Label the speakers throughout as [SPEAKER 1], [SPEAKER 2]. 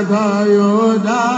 [SPEAKER 1] Hallelujah.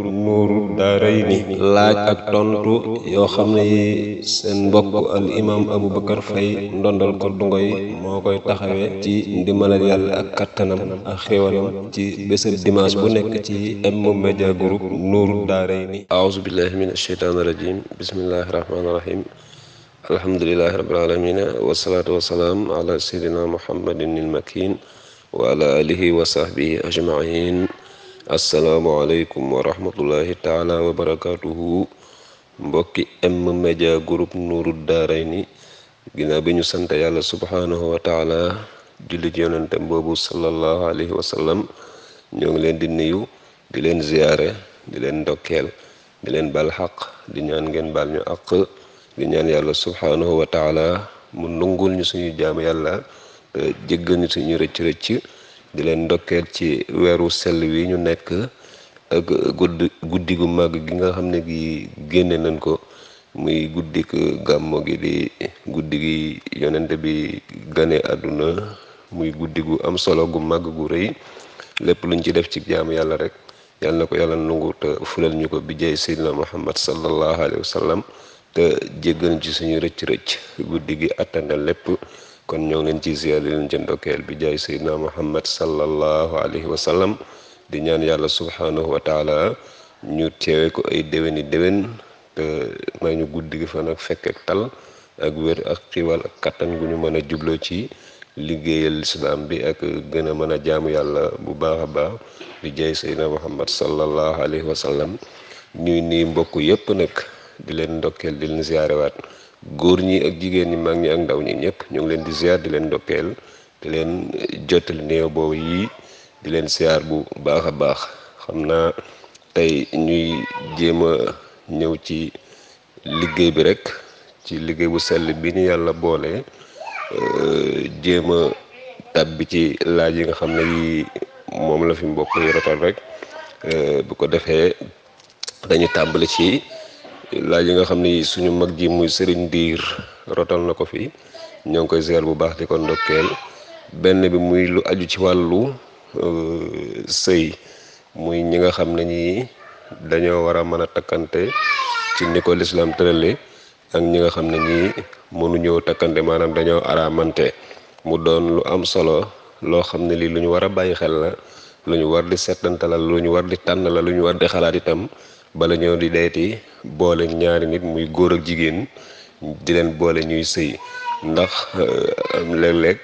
[SPEAKER 1] daarayni laaj ak tontu yoo xam ne yi seen mbokk al imaam Aboubacar Faye ndondal ko dungoy moo koy taxawee ci ndimbalal yàlla ak kattanam ak xéwalam ci bésëb bu nekk ci M Media Group nuuru daarayni aouzu billahi min asheytaani rajim bismillahi rahmaani rahim alhamdulilahi rabbil alamin wasalaatu wasalaam ala seydina muhammadin il makin wa ala alihi wa sahbihi ajmain asalaamualeykum wa rahmatullahi taala wa barakaatuhu mbokki M-Media Group Nuuru Daarayni ginnaaw bi ñu sant yàlla subhaanahu wa taala julli boobu sallallahu alayhi wa ñoo ngi leen di nuyu di leen ziyaare di leen ndokkeel di leen bal xaq di ñaan ngeen baal ñu àq di ñaan yàlla subhaanahu wa mu nungul ñu suñu jaam yàlla jéggal ñu suñu rëcc-rëcc di leen ndokkeel ci weeru sell wi ñu nekk ak guddi gu màgg gi nga xam ne gi génne nañ ko muy guddik gàmmo gi di guddi gi yonente bi gane àdduna muy guddi gu am solo gu màgg gu rëy lépp luñ ci def ci jaamu yàlla rek yàlla na ko yàlla nangu te fulal ñu ko bi jay seydina muhammad sallallahu alayhi wa sallam te jéggal ci suñu rëcc rëcc guddi gi attana lépp kon ñoo ngi leen ci ziyaar di leen ci ndokkeel bi jaay sayyidina muhammad sallallahu alayhi wa sallam di ñaan yàlla subhaanahu wa taala ñu teewe ko ay déwéni déwén te may ñu guddi gi fan ak fekk ak tal ak wér ak xiiwal ak kattan gu ñu mën a jubloo ci liggéeyal islam bi ak gën a mën a jaamu yàlla bu baax a baax bi jaay sayyidina muhammad sallallahu alayhi wa sallam ñuy nii mbokk yépp nag di leen ndokkeel di leen ziyaarewaat góor ñi ak jigéen ñi mag ñi ak ndaw ñi ñëpp ñu ngi leen di ziar di leen ndokkeel di leen eh, jottali néew boobu yii di leen ziar bu baax a baax xam naa tey ñuy jéem a ñëw ci liggéey bi rek ci liggéey bu sell bi ñu yàlla boole eh, jéem a tàbbi ci laaj yi nga xam ne yii moom la fi mbokk yi rotal rek eh, bu ko defee dañu tàmbali ci. laaj yi nga xam ne ni suñu mag ji muy sëriñ diir rotal na ko fi ñoo ngi koy ziar bu baax di ko ndokkeel benn bi muy lu aju ci wàllu euh, sëy muy ñi nga xam ne ñi dañoo war a mën a takkante ci ni ko lislaam tërale ak ñi nga xam ne ñi mënuñoo takkante maanaam dañoo araamante mu doon lu am solo loo xam ne lii lu ñu war a bàyyi xel la lu ñu war di seetantalal lu ñu war di tànn la lu ñu war di xalaat itam bala ñoo di deeti boole ñaari nit muy góor ak jigéen di leen boole ñuy sëy ndax euh, léeg-léeg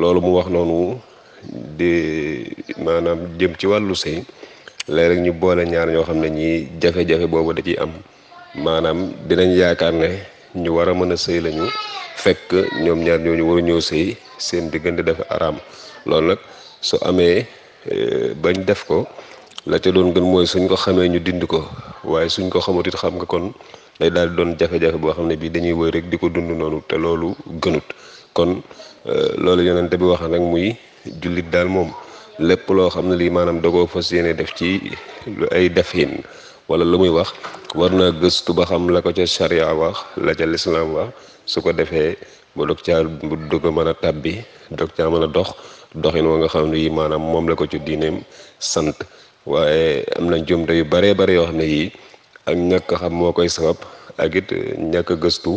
[SPEAKER 1] loolu mu wax noonu di maanaam jëm ci wàllu sëy léeg-léeg ñu boole ñaar ñoo xam ne ñii jafe-jafe boobu da ciy am maanaam dinañ yaakaar ne ñu war a mën a sëy lañu fekk ñoom ñaar ñooñu waru ñëw sëy seen diggante dafa araam loolu nag su amee euh, bañ def ko la ca doon gën mooy suñ ko xamee ñu dindi ko waaye suñ ko xamut xam nga kon day daal di doon jafe-jafe boo xam ne bii dañuy woy rek di ko dund noonu te loolu gënut kon euh, loolu yonente bi wax nag muy jullit daal moom lépp loo xam ne lii maanaam da yéene def ci ay defin wala lu muy wax war naa gëstu ba xam la ko ca charia wax la ca lislaam wax su ko defee bu dog caa bu du ko mën a tàbbi dog mën a dox doxin wa nga xam ne yi maanaam moom la ko ci diineem sant waaye am nañ njuumte yu baree bare yoo xam ne yii ak ñàkk xam moo koy sabab ak it ñàkk gëstu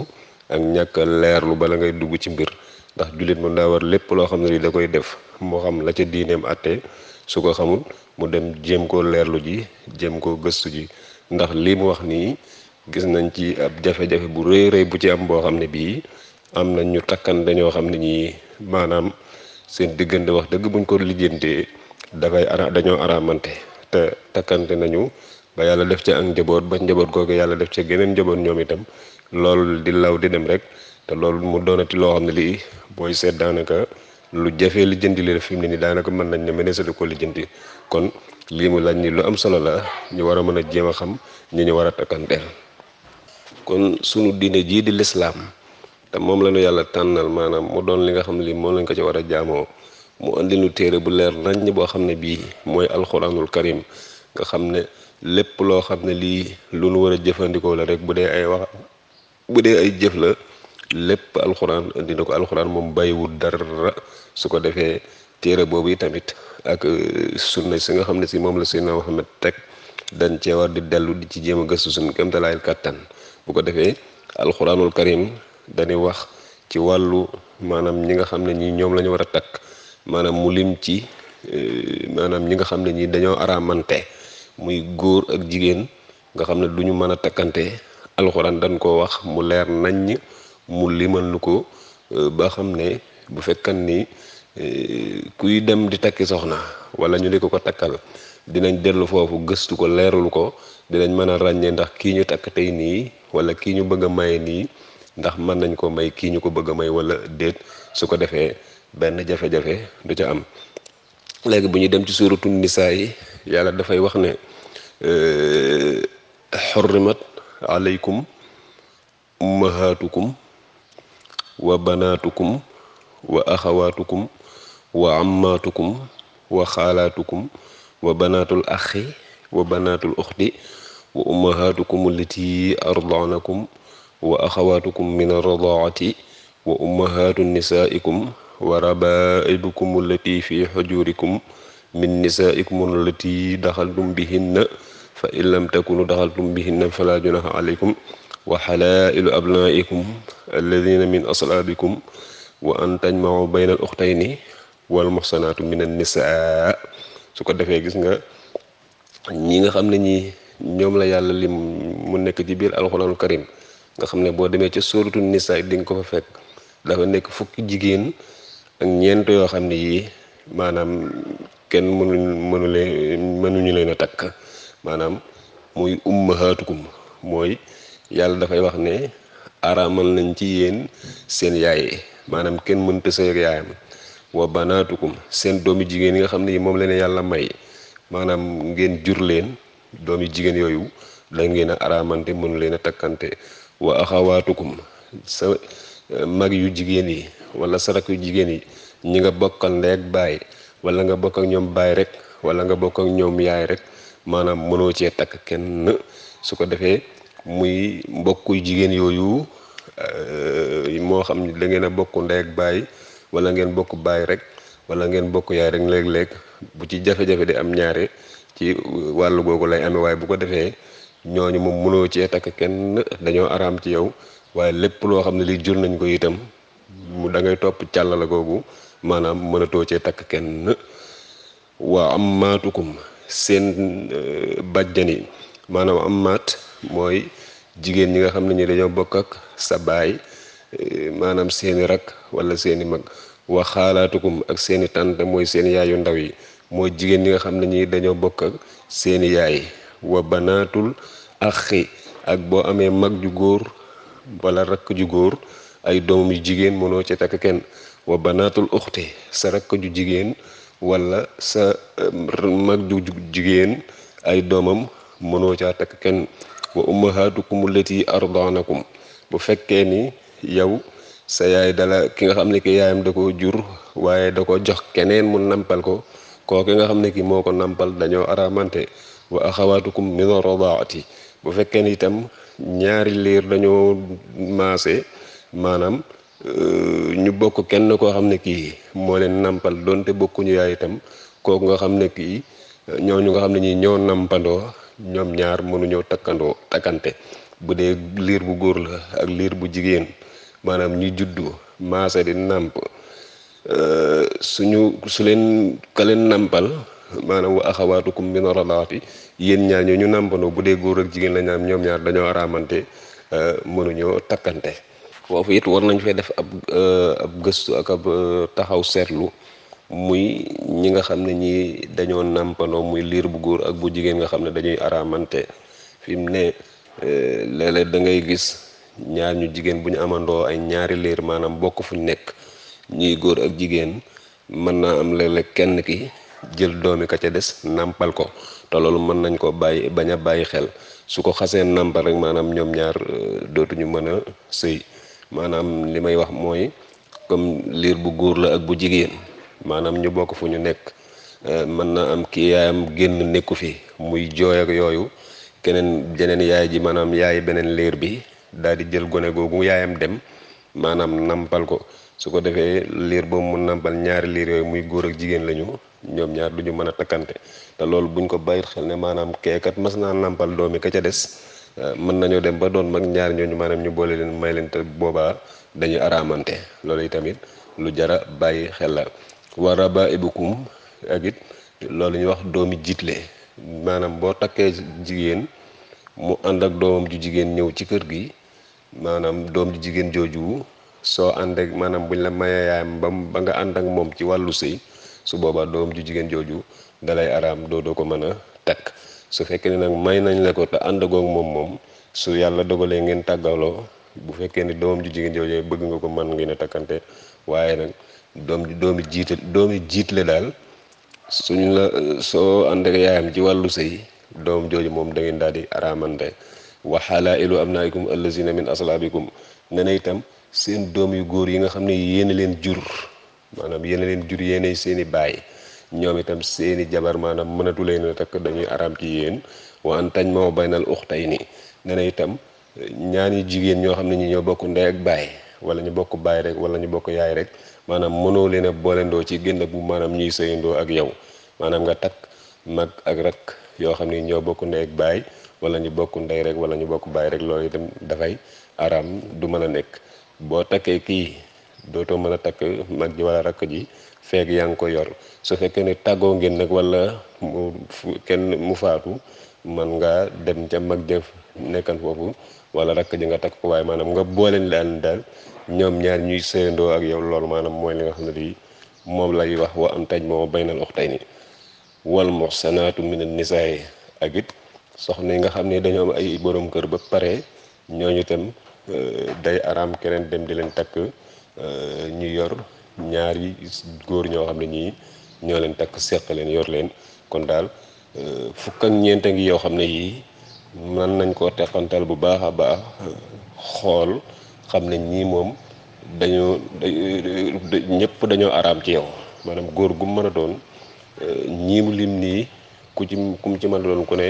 [SPEAKER 1] ak ñàkk leerlu bala ngay dugg ci mbir ndax jullit mën daa war lépp loo xam ne lii da koy def moo xam la ca diineem àtte su ko xamul mu dem jéem koo leerlu ji jéem koo gëstu ji ndax lii mu wax nii gis nañ ci ab jafe bu rëy bu ci am boo xam ne bii am na ñu takkan dañoo xam ne ñi maanaam seen diggante wax dëgg buñ ko lijjantee dafay dañoo araamante takkante nañu ba yàlla def ci ak njaboot ba njaboot googu yàlla def ci geneen njaboot ñoom itam loolu di law di dem rek te loolu mu doonati loo xam ne lii booy seet daanaka lu jafe lijjanti jëndi li fi mu ne nii daanaka mën nañ ne mëneesatu ko lijjanti kon lii mu laaj ni lu am solo la ñu war a mën a jéem a xam ñu ñu war a takkanteel. kon suñu diine jii di lislaam te moom la yàlla tànnal maanaam mu doon li nga xam lii moom lañ ko ci war a jaamoo. mu indi téere bu leer naññ boo xam ne bii mooy alxuraanul karim nga xam ne lépp loo xam ne lii lu nu war a jëfandikoo la rek bu dee ay wax bu dee ay jëf la lépp alxuraan indi na ko alxuraan moom bàyyiwul dara su ko defee téere boobu yi tamit ak euh, sunna si nga xam ne si moom la Seydina Muhammad teg dañ cee war di dellu di ci jéem a gëstu suñu kéemtalaayal kàttan bu ko defee alxuraanul karim dañuy wax ci wàllu maanaam ñi nga xam ne ñi ñoom lañu ñu war a takk maanaam mu lim ci e, maanaam ñi nga xam ne ñi dañoo araamante muy góor ak jigéen nga xam ne du ñu mën a takkante alxuraan dañ koo wax mu leer naññ mu limal nu ko e, ba xam ne bu fekkan ni e, kuy dem di takki soxna wala ñu di ko ko takkal dinañ dellu foofu gëstu ko leerul ko dinañ mën a ràññee ndax kii ñu takk tey nii wala kii ñu bëgg a may nii ndax man nañ ko may kii ñu ko bëgg a may wala déet su ko defee benn jafe-jafe du ca am léegi bu ñu dem ci suuratu nisaa yi yàlla dafay wax ne xurrimat aleykum ummahaatukum wa banaatukum wa axawaatukum wa ammaatukum axi wa banaatul uxti wa ummahaatukum allati ardaanakum wa axawaatukum min arradaati wa ummahaatu nisaikum wa rabaa'ibukum allati fi hujurikum min nisaa'ikum allati daxaltum bihinna fa in lam takunu daxaltum bihinna fala junaha alaykum wa halaa'ilu abnaa'ikum alladina min aslaabikum wa an tajma'u bayna al uxtayni wal muxsanaatu min an nisaa su ko defee gis nga ñi nga xam ne ñi ñoom la yàlla li mu nekk ci biir alxuraanul karim nga xam ne boo demee ci sóoratu nisaa di nga ko fa fekk dafa nekk fukki jigéen ak ñeent yoo xam ne yii maanaam kenn mënu mënu leen mënuñu leen a takk maanaam muy ummahaatukum mooy yàlla dafay wax ne araamal nañ ci yéen seen yaay maanaam kenn mënta sëy ak yaayam wa banaatukum seen doomi jigéen yi nga xam ne moom leen yàlla may maanaam ngeen jur leen doomi jigéen yooyu da ngeen araamante mënu leen a takkante wa axawaatukum sa mag yu jigéen yi wala sa yu jigéen yi ñi nga bokkal ndey ak baay wala nga bokk ak ñoom bàyyi rek wala nga bokk ak ñoom yaay rek maanaam mënoo cee takk kenn su ko defee muy mbokku jigéen yooyu euh, moo xam da ngeen a bokk ndey ak baay wala ngeen bokk bàyyi rek wala ngeen bokk yaay rek léeg-léeg bu ci jafe-jafe di am ñaare ci wàllu googu lay amee waaye bu ko defee ñooñu moom mënoo cee takk kenn dañoo araam ci yow waaye lépp loo xam ne li jur nañ ko itam mu da ngay topp càllala googu maanaam mënatoo cee takk kenn waa am maatukum seen euh, bàjjan yi maanaam am maat mooy jigéen ñi nga xam ne ñu bokk ak sa baay euh, maanaam seeni rak wala seeni mag waa xaalaatukum ak seeni tànt mooy seen yaayu ndaw yi mooy jigéen ñi nga xam ne ñi dañoo bokk ak seeni yaay wa banaatul axi ak boo amee mag ju góor wala rakk ju góor ay doomam yu jigéen mënoo ci takk kenn wa banaatul uxti sa rakk ju jigéen wala sa eh, mag ju jigéen ay doomam mënoo caa takk kenn wa ummahaatukum allati ardaanakum bu fekkee ni yow sa yaay dala ki nga xam ne ki yaayam da ko jur waaye da ko jox keneen mu nampal ko kooke nga xam ne ki moo ko nampal dañoo aramante wa axawaatukum min ardaati bu fekkee ni itam ñaari liir dañoo maase maanaam euh, ñu bokk kenn koo xam ne kii moo leen nampal donte bokkuñu yaay itam kooku nga xam ne kii ñooñu nga xam ne ñi ñoo nampandoo ñoom ñaar mënuñoo takkandoo takkante bu dee liir bu góor la ak liir bu jigéen maanaam ñu juddu maase di nàmp euh, suñu su leen ka leen nàmpal maanaam wa axawaatukum min radaati yéen ñaar ñoo ñu nampandoo bu dee góor ak jigéen la ñaam ñoom ñaar dañoo araamante euh, mënuñoo takkante foofu it war nañ fee def ab euh, ab gëstu ak ab euh, taxaw seetlu muy ñi nga xam ne ñi dañoo nàmpaloo muy liir bu góor ak bu jigéen nga xam ne dañuy araamante fi mu ne euh, léeg-léeg da gis ñaar ñu jigéen bu ñu amandoo ay ñaari liir maanaam bokk fu ñu nekk ñuy góor ak jigéen mën naa am léeg kenn ki jël doomi ka ca des nàmpal ko te loolu mën nañ ko bàyyi bañ a bàyyi xel su ko xasee nàmpal rek maanaam ñoom ñaar dootuñu mën a sëy maanaam li may wax mooy comme liir bu góor la ak bu jigéen maanaam ñu bokk fu ñu nekk euh, mën na am kii yaayam génn nekku fi muy jooy yooyu keneen jeneen yaay ji maanaam yaay beneen liir bi daal di jël gone googu yaayam dem maanaam nampal ko su ko defee liir boobu mu nampal ñaari liir yooyu muy góor ak jigéen lañu ñoom ñaar ñu mën a takkante te loolu buñ ko bàyyit xel ne maanaam keekat mas naa nampal doomi ka ca des Euh, mën nañoo dem ba doon mag ñaari ñooñu maanaam ñu boole leen may leen te boobaa dañuy araamante loolu yi tamit lu jara bàyyi xel la wa rabaibukum ak it loolu ñuy wax doomi jiitle maanaam boo takkee jigéen mu ànd ak doomam ju jigéen ñëw ci kër gi maanaam doom ju jigéen jooju soo ànd ak maanaam buñ la mayee yaayam ba ba nga ànd ak moom ci wàllu sëy su boobaa doom ju jigéen jooju dalay araam doo doo ko mën a takk su fekkee ne nag may nañ la ko te àndagoog moom moom su yàlla dogalee ngeen tàggaloo bu fekkee ne doomam ju jigéen jooju bëgg nga ko mën ngeen a takkante waaye nag doom ji doomi jiite doomi jiitle daal suñu la soo ci wàllu sëy doom jooju moom da daal di araamante wa halaa'ilu abnaa'ikum allazina min aslaabikum ne na itam seen doom yu góor yi nga xam ne yéen leen jur maanaam yéen leen jur yéenay seen i baay ñoom itam seeni jabar maanaam mënatu leen a takk dañuy araam ci yéen wa an tañ moo baynal uxtayni nee na itam ñaani jigéen ñoo xam ne ñi ñoo bokk ndey ak baay wala ñu bokk baay rek wala ñu bokk yaay rek maanaam mënoo leen a boolendoo ci génn bu maanaam ñuy sëyandoo ak yow maanaam nga takk mag ak rak yoo xam ne ñoo bokk baay wala ñu bokk rek wala ñu bokk baay rek loolu itam dafay araam du mën a nekk boo takkee kii dootoo mën a takk mag ji wala rakk ji feeg yaa ngi ko yor su fekkee ne tàggoo ngeen nag wala mu kenn mu faatu man nga dem ca mag jëf nekkan foofu wala rakk ji nga takk ko waaye maanaam nga boole daal daal ñoom ñaar ñuy séyandoo ak yow loolu maanam mooy li nga xam ne di moom lay wax wa am taj moom baynal uxtayni wal muxsanaatu minan nisaay ak it soxna yi nga xam ne dañoo am ay borom kër ba pare ñooñu itam euh, day araam keneen dem di leen takk euh, ñu yor ñaari góor ñoo xam ne ñii ñoo leen takk seq leen yor leen kon daal euh, fukk ak ñeent ngi yoo xam ne yii man nañ koo teqantal bu baax a baax xool xam ne ñii moom dañoo ñëpp dañoo araam ci yow maanaam góor gu mën a doon euh, ñii mu lim nii ku ci ku mu ci mën a doon ku ne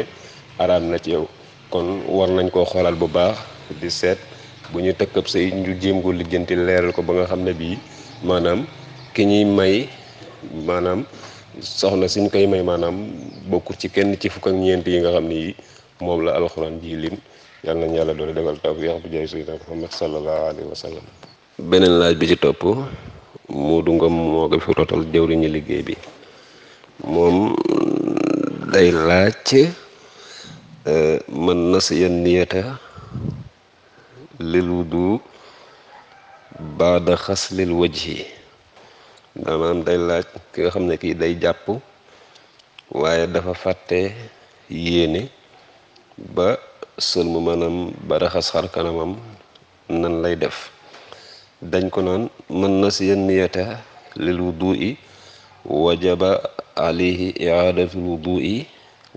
[SPEAKER 1] araam na ci yow kon war nañ koo xoolal bu baax di seet bu ñu tëkkab say nju jéem ko lijjanti leeral ko ba nga xam ne bii maanaam ki ñuy may maanaam soxna suñ koy may maanaam bokkul ci kenn ci fukk yi nga xam ne moom la alxuraan ji lim yàlla nañ yàlla doole defal tawfiix bu jaay sayyidina Muhammad sallallahu alayhi wa sallam beneen laaj bi ci topp Moodu Ngom moo ko fi rotal jëwriñu liggéey bi moom day laaj e, man nasiya niyata lil wudu baada xaslil wajhi maanaam day laaj ki xam ne kii day jàpp waaye dafa fàtte yéene ba sëlmu maanaam ba raxas xar kanamam nan lay def dañ ko naan man nasiya niyata lil wudu'i wajaba alayhi i'adatul wudu'i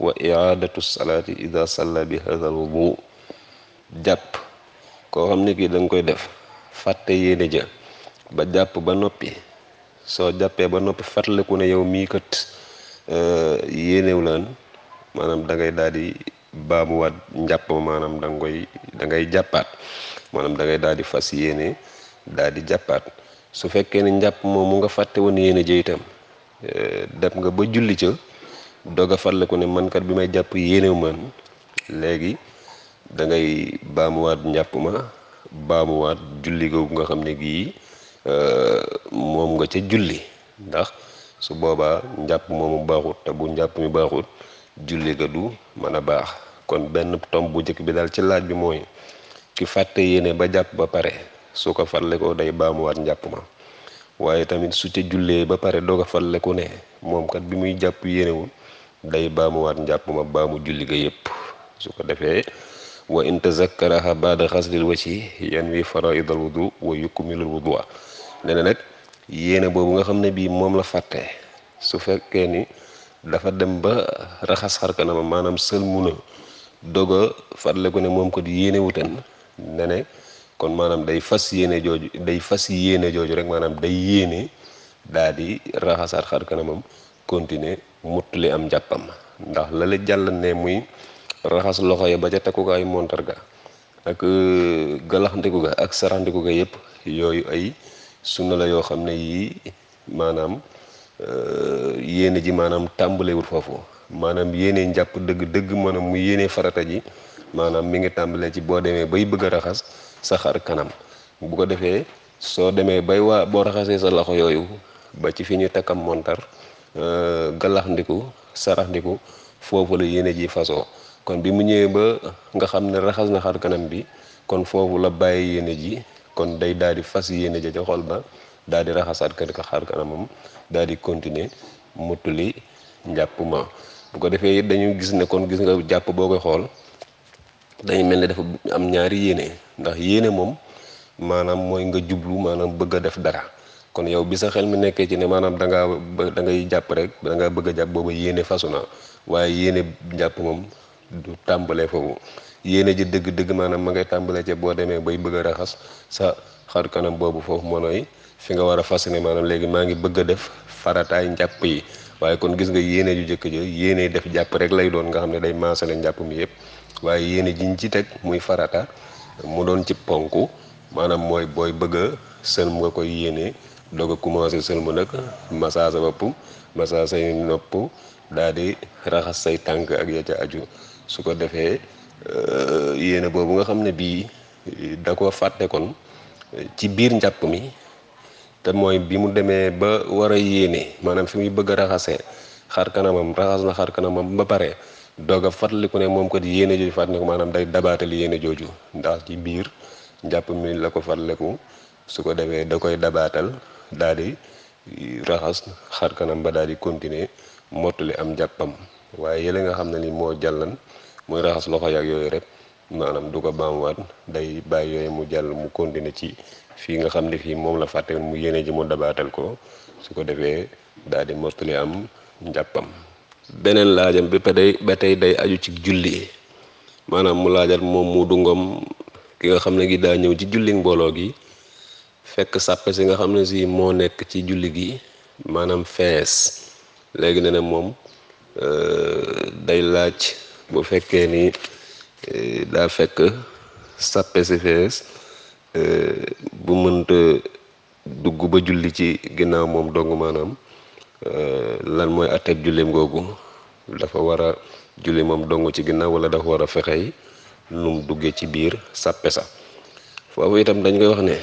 [SPEAKER 1] wa i'adatu salaati ida salla bi hadha al wudu jàpp koo xam ne kii da koy def fàtte yéene ja ba jàpp ba noppi soo jàppee ba noppi fàttaliku ne yow mii kat euh, yéenew laan maanaam dangay daal di baamuwaat njàpp maanaam da koy da ngay jàppaat maanaam da ngay daal di fas yéene daal di jàppaat su fekkee ne njàpp moom mu nga fàtte woon yéene ja itam euh, dem nga ba julli ca doog a fàttaliku ne man kat bi may jàpp yéenew man léegi dangay ngay baamuwaat njàpp ma baamuwaat julli googu nga xam ne gii Euh, moom nga ca julli ndax su boobaa njàpp moomu baaxut te bu njàpp mi baaxut julli ga du mën a baax kon benn tomb bu njëkk bi daal ci laaj bi mooy ki fàtte yéene ba jàpp ba pare su ko fatle ko day baamuwaat njàpp ma waaye tamit su ca ba pare doog a ne moom bi muy jàpp yéenewul day baamuwaat njàpp ma baamu julli ga yépp su ko defee wa in baa baada xaslil wajhi yan wi faraidal wudu wa yukmilul wudu nee na nag yéene boobu nga xam ne bii moom la fàtte su fekkee ni dafa dem ba raxas xar kanama maanaam sëlmu na dog a fàttale ko ne moom ko di yéene wutan ne kon maanaam day fas yéene jooju day fas yéene jooju rek maanaam day yéene daa di raxasaat xar kanamam continuer muttali am njàppam ndax la la jàll ne muy raxas loxo ya ba ko ay takkukaayu ga ak euh, galaxndiku ga ak sarandiku ga yépp yooyu ay sunna la yoo xam ne yii maanaam euh, yéene ji maanaam tàmbalewul foofu maanaam yéene njàpp dëgg-dëgg maanaam mu yéene farata ji maanaam mi ngi tàmbalee ci boo demee bay bëgg a raxas sa xar kanam bu ko defee soo demee bay waa boo raxasee sa loxo yooyu ba ci fi ñu takkam montar euh, galax ndiku sarax ndiku foofu la yéene ji fasoo kon bi mu ñëwee ba nga xam ne raxas na xar kanam bi kon foofu la bàyyi yéene ji kon day daal di fas yéene ja ca xol ba daal di raxasaat kër ka xaar kanamam daal di continuer mottali njàpp ma bu ko defee it dañu gis ne kon gis nga jàpp boo koy xool dañu mel ne dafa am ñaari yéene ndax yéene moom maanaam mooy nga jublu maanaam bëgg a def dara kon yow bi sa xel mu nekkee ci ne maanaam da ngaa da ngay jàpp rek da ngaa bëgg a jàpp boobu yéene fasu na waaye yéene jàpp moom du tàmbalee foofu yéene ji dëgg-dëgg maanaam ma ngay tàmbalee ca boo demee bay bëgg a raxas sa xar kanam boobu foofu monooy fi nga war a fas ne maanaam léegi maa ngi bëgg a def farataay njàpp yi waaye kon gis nga yéene ju jëkk jo yéene def jàpp rek lay doon nga xam ne day maasale njàpp mi yëpp waaye yéene jiñ ci teg muy farata mu doon ci ponk maanaam mooy booy bëgg a sëlm nga koy yéene doog a commencé sëlmu nag massage sa bopp massage say nopp daal di raxas say tànk ak ya ca aju su ko defee Euh, yéene boobu nga xam ne bii eh, da ko fàtte kon eh, ci biir njàpp mi te mooy bi mu demee ba war a yéene maanaam fi muy bëgg a raxasee xar kanamam raxas na xar kanamam ba pare doog a fàttaliku ne moom kat yéene jooju fàttaliku maanaam day dabaatal yéene jooju ndax ci biir njàpp mi la ko fàttaliku su ko defee da koy dabaatal daal di eh, raxas xar kanam ba daal di continuer mottali am jàppam waaye yële nga xam ne ni moo jàllan muy raxas loxo yak yooyu rek maanaam du ko baamuwaat day bàyyi yooyu mu jàll mu continuer ci fii nga xam ne fii moom la fàtte mu yéene ji mu dabaatal ko su ko defee daal di mottali am njàppam beneen laajam bi day ba tey day aju ci julli maanaam mu laajal moom mu dungom ki nga xam ne gi daa ñëw ci julli mbooloo gi fekk sàppe si nga xam ne si moo nekk ci julli gi maanaam fees léegi ne ne moom euh, day laaj bu fekkee ni eh, daa fekk sàppe si fees eh, bu mënta dugg ba julli ci ginnaaw moom dong maanaam eh, lan mooy atteb jullim googu dafa war a julli moom dong ci ginnaaw wala dafa war a fexey nu duggee ci biir sàppe sa foofu itam dañ koy wax ne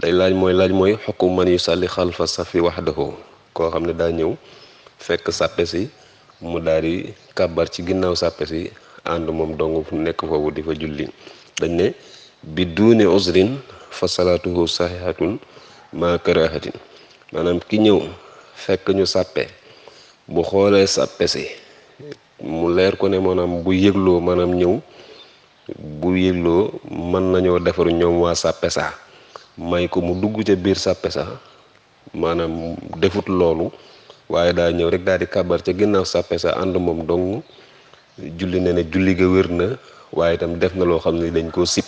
[SPEAKER 1] day laaj mooy laaj mooy xokku man yu sàlli xalfa safi waxdahu koo xam ne daa ñëw fekk sàppe si mu daal di kàbbar ci ginnaaw sàppe si ànd moom dong nekk foofu di fa julli dañ ne bi duune usrin fa salaatuhu saxihatun ma karahatin maanaam ki ñëw fekk ñu sàppe bu xoolee sàppe si mu leer ko ne maanaam bu yëgloo maanaam ñëw bu yëgloo mën nañoo defaru ñoom waa sàppe sax may ko mu dugg ca biir sàppe sax maanaam defut loolu waaye daa ñëw rek daal di kabar ca ginnaaw sàppe sa ànd moom dong julli ne ne julli ga wér na waaye itam def na loo xam ne dañ koo sip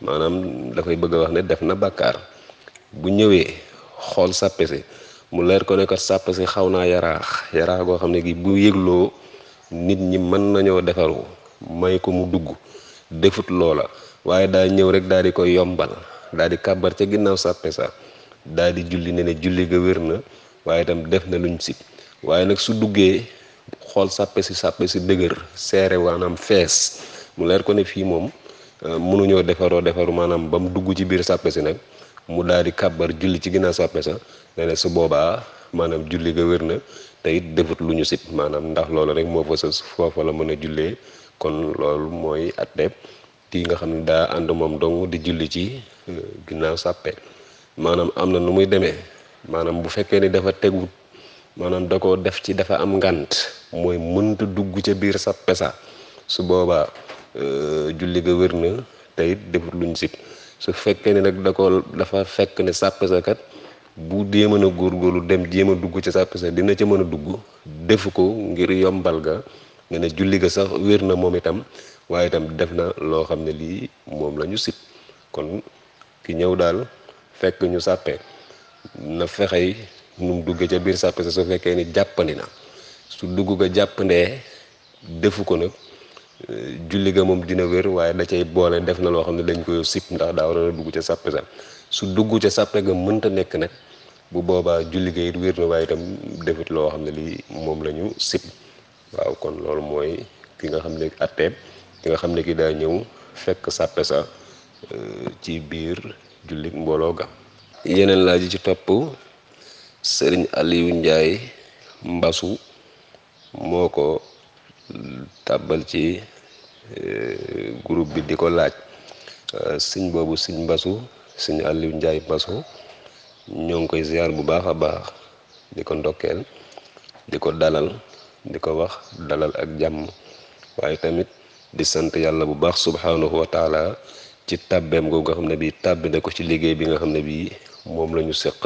[SPEAKER 1] maanaam dafay bëgg a wax ne def na bàkkaar bu ñëwee xool sàppe si mu leer ko ne kat sàppe si xaw naa yaraax yaraax goo xam ne gi bu yëgloo nit ñi mën nañoo defaru may ko mu dugg defut loola waaye daa ñëw rek daal di koy yombal daal di kabar ca ginnaaw sàppe sa daal di julli ne ne julli ga wér na waaye itam def na lu ñu sib waaye nag su duggee xool sàppe si sàppe si dëgër seere waanaam fees mu leer ko ne fii moom euh, mënuñoo defaroo defaru maanaam ba mu dugg ci biir sàppe si nag mu daal di kàbbar julli ci ginnaaw sàppe sa ne su boobaa maanaam julli ga wér na tey it defut lu ñu sib maanaam ndax loolu rek moo fa sës foofa la mën a jullee kon loolu mooy atteeb kii nga xam ne daa ànd moom dong di julli ci euh, ginnaaw sàppe maanaam am na nu muy demee maanaam bu fekkee ni dafa tegut maanaam da ko def ci dafa am ngant mooy mënta dugg ca biir sàppe sa su boobaa euh, julli ga wér na te it defut luñ sib su fekkee ni nag da ko dafa fekk ne sàppe sa kat bu jéem góor góorgóorlu dem jéem a dugg ca sàppe sa dina ca mën a dugg defu ko ngir yombal ga nga ne julli ga sax wér na moom itam waaye itam def na loo xam ne lii moom la ñu sib kon ki ñëw daal fekk ñu sàppe na fexey nu dugge ca biir sàppe sa su fekkee ni jàppandi na su dugg ga jàppandee defu ko nag eh, julli ga moom dina wér waaye da cay boole def na loo xam ne dañ koy sip ndax daa waroon a dugg ca sàppe sa su dugg ca sàppe ga mënta nekk nag bu boobaa julli ga it wér na waaye itam defut loo xam ne lii moom lañu ñu waaw kon loolu mooy ki nga xam ne atteeb ki nga xam ne ki daa ñëw fekk sàppe sa eh, ci biir jullit mbooloo ga yeneen laaj ci topp sëriñ Aliou njaay mbasu moo ko tàbbal ci eh, groupe bi di ko laaj euh, sëñ boobu sëñ mbasu sëñ Aliou Ndiaye mbasu ñoo ngi koy ziar bu baax a baax di ko ndokkeel di ko dalal di ko wax dalal ak jàmm waaye tamit di sant yàlla bu baax subhanahu wa taala ci tàbbeem googu nga xam ne bii tàbbi na ko ci liggéey bi nga xam ne bii moom lañu ñu séq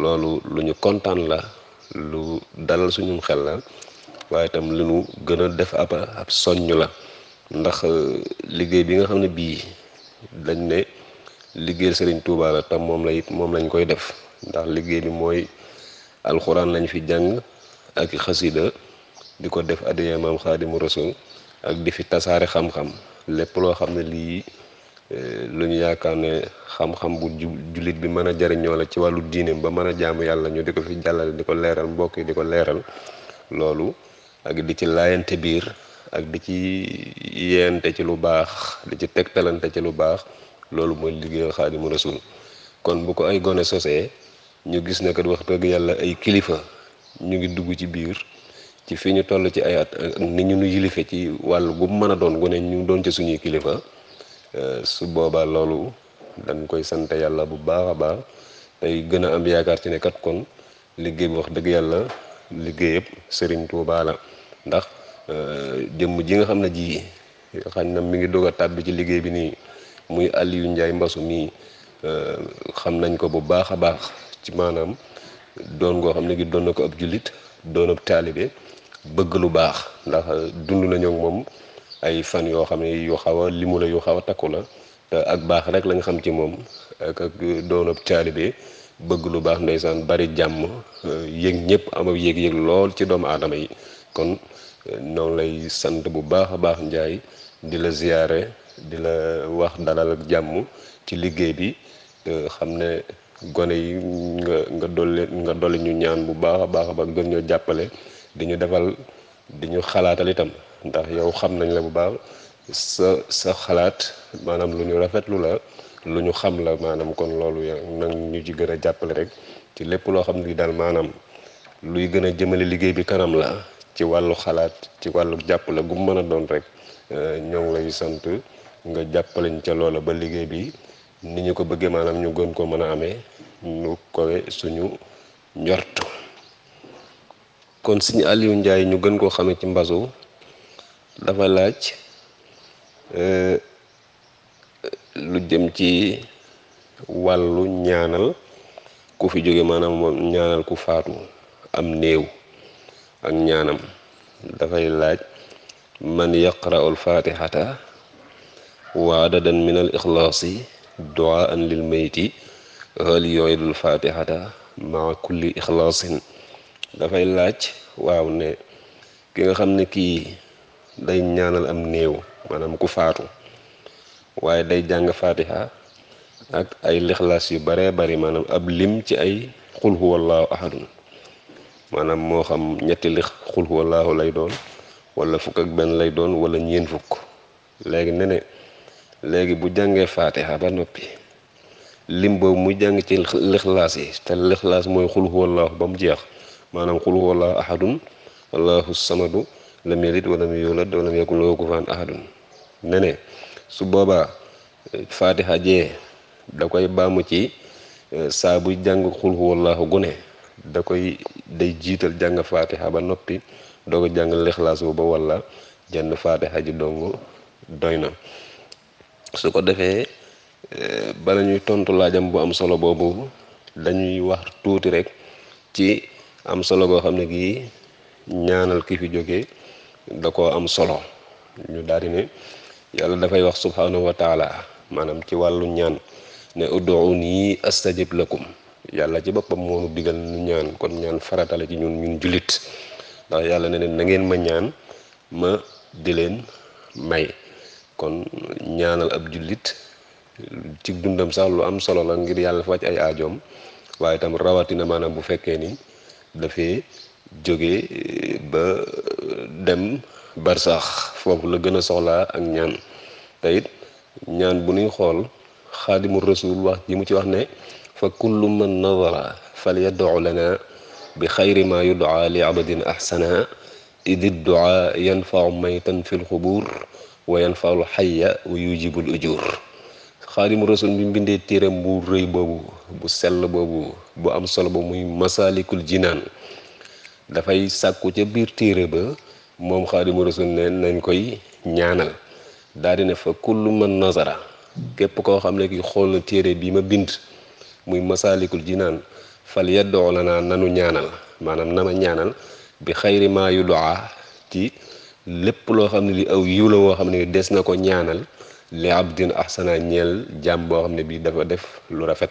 [SPEAKER 1] loolu lu ñu kontaan la lu dalal suñu xel la waaye itam lu ñu gën a def ab ab soññ la ndax euh, liggéey bi nga xam ne bii dañ ne liggéeyal Serigne Touba tam moom la it moom lañ koy def ndax liggéey bi mooy alxuraan lañu fi jàng ak xasida di ko def addiya maam Xaadimu ak di fi tasaare xam-xam lépp loo xam ne lii Eh, lu ñu yaakaar ne xam-xam bu jullit bi mën a jariñoo la ci wàllu diineem ba mën a jaamu yàlla ñu di ko fi jàllale di ko leeral mbokk yi di ko leeral loolu ak di ci laayante biir ak di ci yeente ci lu baax di ci tegtalante ci lu baax loolu mooy liggéeyu Xaadimu Rasuul kon bu ko ay gone sosee ñu gis ne kat wax dëgg yàlla ay kilifa ñu ngi dugg ci biir ci fi ñu toll ci ay at ni ñu nu yilife ci wàll gu mën a doon gone ñu doon ci suñuy kilifa Euh, su boobaa loolu dañ koy sant yàlla bu baax a baax day gën a am yaakaar ci ne kat kon liggéey bi wax dëgg yàlla liggéey sëriñ Serigne Touba la ndax euh, jëmm ji nga xam ne ji xañ na mi ngi doog a tàbbi ci liggéey bi nii muy Aliou Ndiaye Mbassou mii euh, xam nañ ko bu baax a baax ci maanaam doon ngoo xam ne doon na ko ab jullit doon ab taalibe bëgg lu baax ndax dund nañoo moom. ay fan yoo xam ne yu xaw a limu la yu xaw a takku la eh, ak baax rek la nga xam ci moom ak ak doonab taalibe bëgg lu baax ndeysaan bari jàmm eh, yéeg ñëpp ama yéeg-yéeg lool ci doomu aadama yi kon eh, noonu lay sant bu baax a baax njaay di la ziyaare di la wax dalal ak jàmm ci liggéey bi xam ne gone yi nga nga dolli nga dolli ñu ñaan bu baax a baax ba gën ñoo jàppale di ñu defal di ñu xalaatal itam ndax yow xam nañ la bu baax sa sa xalaat maanaam lu ñu rafetlu la lu ñu xam la maanaam kon loolu nag ñu ci gën a jàppale rek ci lépp loo xam ni daal maanaam luy gën a jëmale liggéey bi kanam la ci wàllu xalaat ci wàllu jàppale gu mën a doon rek euh, ñoo ngi lay sant nga jàppaleñ ca loola ba liggéey bi ni ñu ko bëggee maanaam ñu gën koo mën a amee ñu kowe suñu njort kon Serigne Aliou Ndiaye ñu gën koo xamee ci mbasu dafa laaj e, lu jëm ci wàllu ñaanal ku fi jóge maanaam moom ñaanal ku faatu am néew ak ñaanam dafay laaj man yaqra'u faatixata wa adadan min al ixlaasi duaan lil mayti hal yuidul fatihata maa kulli ixlaasin dafay laaj waaw ne ki nga xam ne kii day ñaanal am néew maanaam ku faatu waaye day jàng fatiha ak ay lixlaas yu baree bari maanaam ab lim ci ay xul huwallaahu ahadun maanaam moo xam ñetti lix xul huwallaahu lay doon wala fukk ak benn lay doon wala ñeen fukk léegi ne ne léegi bu jàngee fatiha ba noppi lim boobu mu jàng ci lixlaas yi te lixlaas mooy xul huwallaahu ba mu jeex maanaam xul huwallaahu ahadun allahu samadu lam yalid walam yulad walam yakun lahu kufuwan ahadun ne ne su boobaa eh, fatiha jee da koy baamu ci eh, saabuy buy jàng xul huwallaahu gune da koy day jiital jàng fatiha ba noppi doo ko jàng lixlaas bu ba walla jenn fatiha ji dong doy na su ko defee eh, bala ñuy tontu laajam bu am solo boobu dañuy wax tuuti rek ci am solo boo xam ne gii ñaanal ki fi jóge da ko am solo ñu daal ne yàlla dafay wax subhanahu wa maanaam ci wàllu ñaan ne ud'uuni astajib lakum yàlla ci boppam moonu digal ñu ñaan kon ñaan faratale ci ñun ñun jullit ndax yàlla ne ne na ngeen ma ñaan ma di leen may kon ñaanal ab jullit ci dundam sax lu am solo la ngir yàlla faj ay aajoom waaye tam rawatina maanaam bu fekkee ni dafee jóge eh, ba eh, dem barsax foofu la gën a soxlaa ak ñaan te ñaan bu nuy xool xaadimu rasul wax ji mu ci wax ne fa kullu man nadara fal yad'u lana bi xayri ma yud'a li abadin ahsana idi duaa yanfau maytan fi lxubuur wa yanfau lxayya wa yujibu l ujur xaadimu rasul bi mbindee téeram bu rëy boobu bu sell boobu bu am solo ba muy masaalikul jinaan dafay sàkku ca biir téere ba moom xaadimu rasul ne nañ koy ñaanal daal di ne fa kullu man nasara képp koo xam ne ki xool na téere bi ma bind muy masaalikul jinaan fal yaddoo la naa nanu ñaanal maanaam nama ñaanal bi xayri maa yu doa ci lépp loo xam ne li aw yiw woo xam ne des na ko ñaanal li abdin ahsana ñeel jàmm boo xam ne bii dafa def lu rafet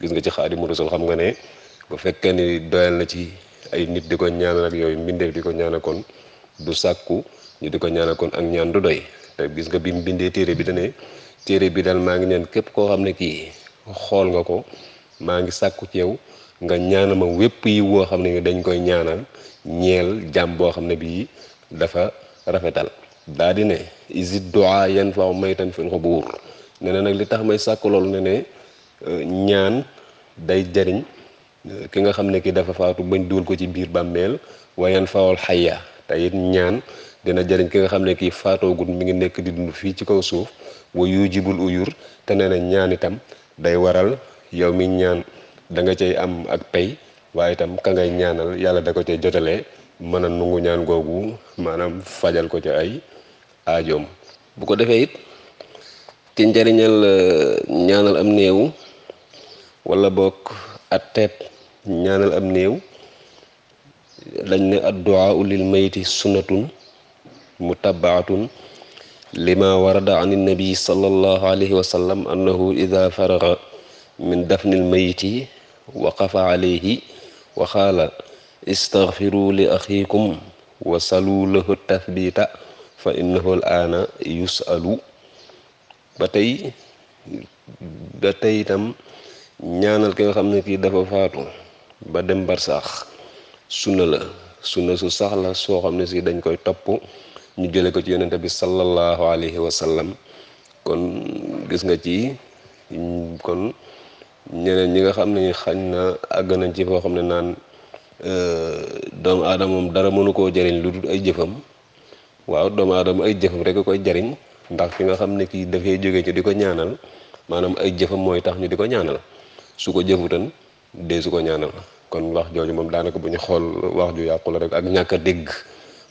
[SPEAKER 1] gis nga ci xaadimu rasul xam nga ne bu fekkee ni doyal na ci ay nit di ko ñaanal ak yooyu mbindeef di ko ñaanal kon du sàkku ñu di ko ñaanal kon ak ñaan du doy te gis nga bi mu bindee téere bi dane téere bi daal maa ngi neen képp koo xam ne kii xool nga ko maa ngi sàkku ci nga ñaanal ma wépp yi woo xam ne dañ koy ñaanal ñeel jàmm boo xam ne bii dafa rafetal daa di ne isid doa yan faaw maytan fil ko buur na nag li tax may sàkku loolu ne ne euh, ñaan day jariñ ki nga xam ne ki dafa faatu bañ dugal ko ci biir bàmmeel wayan fawal xay te it ñaan dina jëriñ ki nga xam ne kii faatoogul mi ngi nekk di dund fii ci kaw suuf yu jibul uyur te nee na ñaan itam day waral yow mi ñaan danga nga am ak pay waaye itam ka ngay ñaanal yàlla da ko cay jotalee mën a nungu ñaan googu maanaam fajal ko ci ay aajoom bu ko defee it ci njëriñal eh, ñaanal am néew wala bokk at teeb ñaanal am néew dañ ne adduaa lil mayti sunnatun mutabaatun lima warada an nabi sallallahu alayhi wa sallam annahu ida faraga min dafnil mayti waqafa alayhi wa qaala istaghfiru li akhikum wa lahu tathbita fa innahu al aana yusalu ba tey ki dafa faatu ba dem barsaax sunna la sunna su sax soo xam ne si dañ koy topp ñu jële ko ci yonente bi sallallahu alayhi wa sallam kon gis nga ci kon ñeneen ñi nga xam ne xañ na àgg nañ ci foo xam ne naan euh, doomu aadama moom dara mënu koo jariñ lu dul ay jëfam waaw doomu aadama ay jëfam rek koy jariñ ndax fi nga xam ne kii dafay jóge ñu di ko ñaanal maanaam ay jëfam mooy tax ñu di ko ñaanal su ko jëfutan deesu ko ñaanal kon wax jooju moom daanaka bu ñu xool wax ju yàqu la rek ak ñàkk a dégg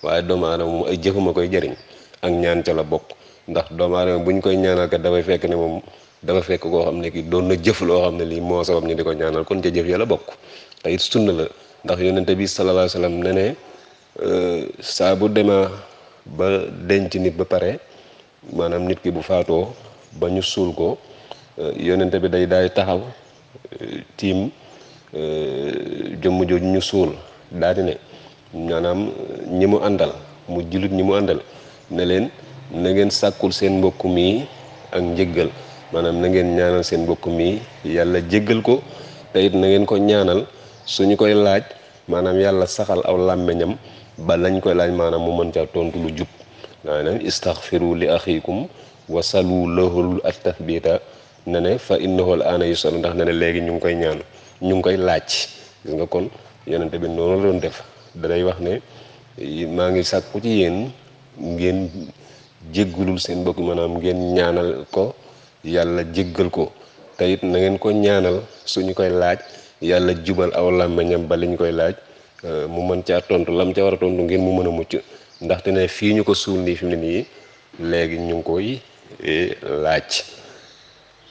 [SPEAKER 1] waaye doomu aadama moom ay jëfuma koy jëriñ ak ñaan ca la bokk ndax doomu aadama bu ñu koy ñaanal kat fekk ne moom dafa fekk koo xam ne doon na jëf xam ne lii moo sabab ñu di ko ñaanal kon ca jëf ya la bokk ay it la ndax yonente bi sallallahu alayhi wasallam ne ne euh, saa bu demaa ba denc nit ba pare maanaam nit ki bu faatoo ba ñu suul ko euh, yonente bi day daay taxaw euh, tiim Euh, jëmm jooju ñu suul daal di ne maanaam ñi mu àndal mu jullit ñi mu àndal ne leen na ngeen sàkkul seen mbokk mii ak njëggal maanaam na ngeen ñaanal seen mbokk mii yàlla jéggal ko te it na ngeen ko ñaanal suñu koy laaj maanaam yàlla saxal aw làmmiñam ba lañ koy laaj maanaam mu mën caa tontu lu jub maanaam istaxfiru li axiikum wasalu lahul at tathbita ne ne fa innahu al aana yusalu ndax ne ne léegi ñu ngi koy ñaan ñu ngi koy laaj nga kon yonente bi noonu la doon def danay wax ne maa ngi sàkku ci yéen ngeen jéggulul seen bokk maanaam ngeen ñaanal ko yàlla jéggal ko te it na ngeen ko ñaanal su ñu koy laaj yàlla jubal aw làmmiñam ba liñ koy laaj euh, mu mën caa tontu lam ca war a tontu ngeen mu mën a mucc ndaxte ne fii ñu ko suul nii fi mu nii léegi ñu ngi koy euh, laaj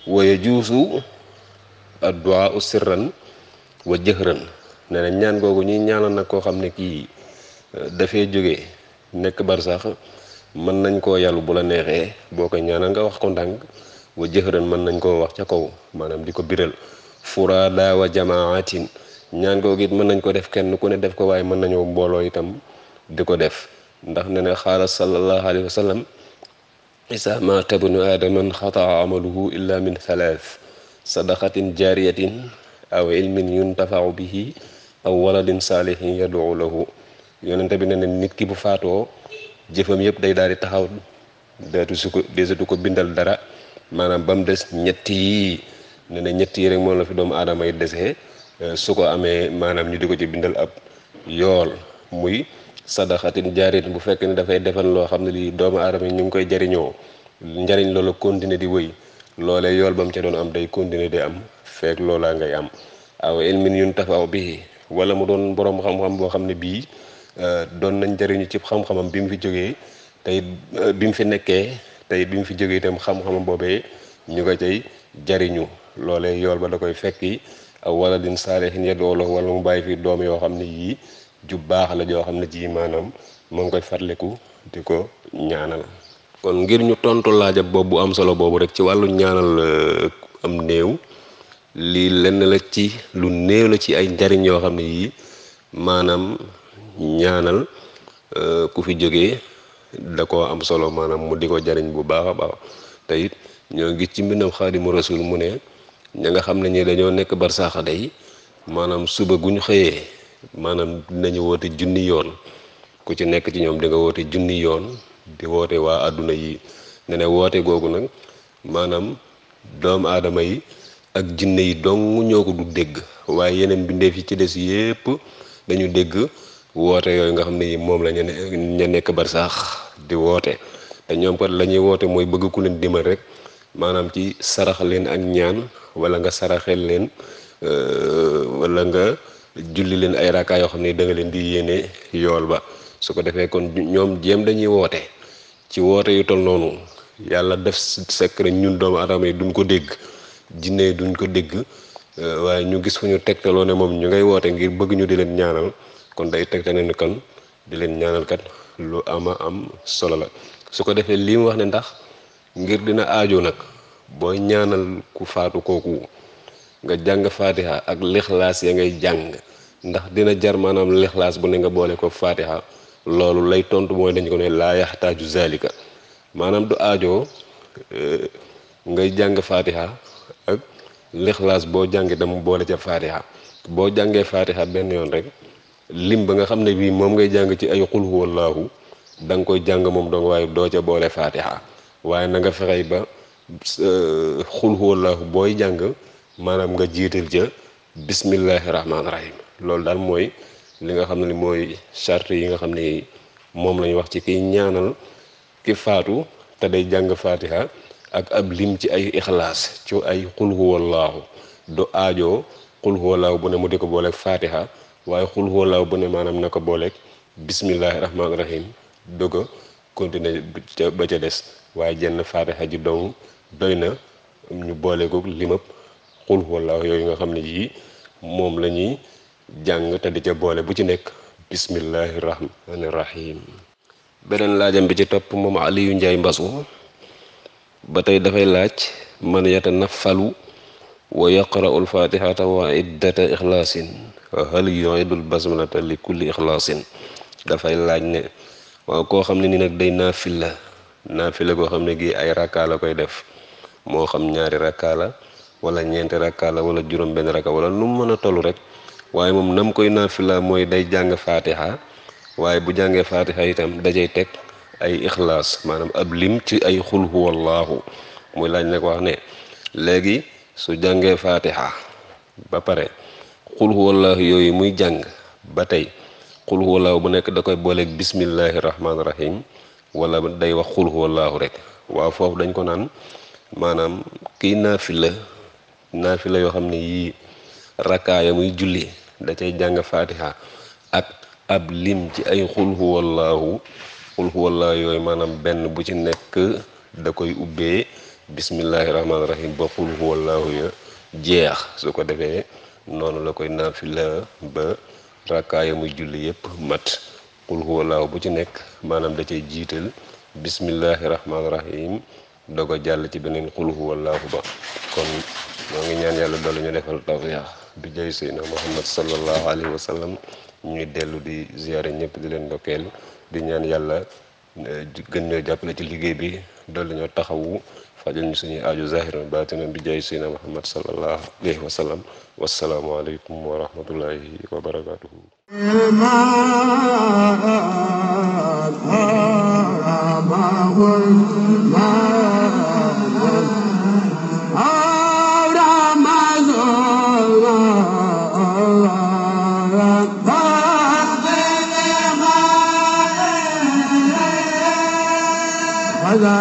[SPEAKER 1] waye juusu addu'a u sirran wa jëxëran nee na ñaan googu ñuy ñaanal nag koo xam ne kii euh, dafee jógee nekk bar sax mën nañ koo yàllu bu la neexee boo ko ñaanal nga wax ko ndànk wa jëxëran mën nañ koo wax ca kaw maanaam di ko biral furaada wa jamaatin ñaan googu it mën nañ ko def kenn ku ne def ko waaye mën nañu mbooloo itam di ko def ndax ne ne xaala sallallahu alayhi wa sallam isa ma tabnu aadaman xataa amaluhu illa min thalath sadaqatin jaariyatin aw ilmin bi bihi aw waladin saalihin yaduu lahu yonente bi ne ne nit ki bu faatoo jëfam yëpp day daal di taxaw deetu su ko deetu ko bindal dara maanaam ba mu des ne ne ñett yi rek doomu aadama yi desee eh, su ko amee maanaam ñu di ko ci bindal ab yool muy sadaxatin jaariyatin bu fekk ne dafay defal loo xam ne lii doomu aadama yi ñu ngi koy jariñoo njariñ loolu continuer di woy loole yool ba mu ca doon am day continuer di am feek loolaa ngay am aw ilmin yun tafaaw bihi wala mu doon boroom xam-xam boo xam ne bii euh, doon nañ jariñu ci xam-xamam bi jógee tey euh, bi mu fi nekkee tey bi mu fi jógee itam xam-xamam boobee ñu nga cay jariñu loole yool ba da koy fekki aw waladin saalihin yadoo lahu wala mu bàyyi fi doom yoo xam ne yii ju baax la joo xam ne ji maanam moo ngi koy farleku di ko ñaanal kon ngir ñu tontu laajab boobu bu am solo boobu rek ci wàllu ñaanal euh, am néew lii lenn la ci lu néew la ci ay njariñ yoo xam ne yii maanaam ñaanal euh, ku fi jóge da koo am solo maanaam mu di ko jariñ bu baax a baax te it ñoo ngi ci mbindam xaadimu rasul mu ne ña nga xam ne ñi dañoo nekk barsaax day maanaam suba gu ñu xëyee maanaam dinañu woote junni yoon ku ci nekk ci ñoom di nga woote junni yoon di woote waa àdduna yi ne woote googu nag maanaam doomu aadama yi ak jinne yi dong ñoo ko du dégg waaye yeneen bindeef yi ci des yépp dañu dégg woote yooyu nga xam ne yi moom la ñu ña nekk barsaax di woote te la ñuy woote mooy bëgg ku leen dimal rek maanaam ci sarax leen ak ñaan wala nga saraxel leen euh, wala nga julli leen ay raakaa yoo xam ne danga leen di yéene yool ba su ko defee kon ñoom jéem dañuy woote ci woote yu tol noonu yàlla def secret ñun doomu aadama yi duñ ko dégg jinne yi duñ ko dégg euh, waaye ñu gis fu ñu tegtaloo ne moom ñu ngay woote ngir bëgg ñu di leen ñaanal kon day tegtale ne kan di leen ñaanal kat lu ama am solo la su ko defee lii mu wax ne ndax ngir dina aajo nag booy ñaanal ku faatu kooku nga jàng faatiha ak lixlaas ya ngay jàng ndax dina jar maanaam lixlaas bu ne nga boole ko faatiha loolu lay tontu mooy dañ ko ne laa yaxtaaju zalika maanaam du aajoo eh, ngay jàng faatiha ak lixlaas boo jàngi dam boole ca faatiha boo jàngee faatiha benn yoon rek lim ba nga xam ne bii moom ngay jàng ci ay xul huwallaahu danga nga koy jàng moom dong waaye doo ca boole faatiha waaye nanga nga ba xul eh, huwallaahu booy jàng maanaam nga jiital ca bismillahi rahmaani rahim loolu daal mooy li nga xam ne mooy charte yi nga xam ne moom lañu wax ci kiy ñaanal ki faatu te day jàng faatiha ak ab lim ci ay ixlaas ci ay xul du aajoo xul huwallaahu bu ne mu di ko booleeg faatiha waaye xul huwallaahu bu ne maanaam na ko booleeg bismillaahi rahmaani rahiim doga continuer ba ca des waaye jenn faatiha ji dong doy na ñu booleeku limab xul yooyu nga xam ne yii moom la jàng te di ca boole bu ci nekk bismillahi rahmani rahim beneen laajam bi ci topp moom Aliyu Njaay Mbasu ba tey dafay laaj man yatanafalu wa yaqra'u alfatihata wa iddata ixlaasin hal yuidul basmalata li kulli dafay laaj ne koo xam ne ni nag day naafila naafila koo xam ne gii ay rakkaa koy def moo xam ñaari rakkaa la wala ñeenti rakkaa la wala juróom benn rakka wala nu mu mën a toll rek waaye moom nam koy naafila mooy day jàng faatiha waaye bu jàngee faatiha itam dajay teg ay ixlaas maanaam ab lim ci ay xul huwallaahu muy laaj nag wax léegi su jàngee faatiha ba pare xul huwallaahu yooyu muy jàng ba tey xul huwallaahu bu nekk da koy booleek bismillaahi rahmaani rahim wala day wax xul huwallaahu rek waaw foofu dañ ko naan maanaam kiy naafila naafila yoo xam ne yii rakkaaya muy julli da cay jàng faatiha ab lim ci ay xul huwallaahu xul huwallaahu yooyu maanaam benn bu ci nekk da koy ubbee bismillaahi rahmaani rahim ba xul huwallaahu ya jeex su ko defee noonu la koy naafila ba rakkaaya muy julli yépp mat xul huwallaahu bu ci nekk maanaam da cay jiital bismillaahi rahmaani rahim doog a jàll ci beneen xul huwallaahu ba kon moo ngi ñaan yàlla doolu ñu defal tawfiix bi jay seydina muhammad sallallahu alayhi wa sallam ñuy dellu di ziare ñëpp di leen ndokkeel di ñaan yàlla gën ñoo jàppale ci liggéey bi doolu ñoo taxawu faj ñu suñuy aaju zahiran baatinan bi jay seydina muhammad sallallahu alayhi wa sallam wasalaamualeykum wa rahmatullahi wa barakaatuhu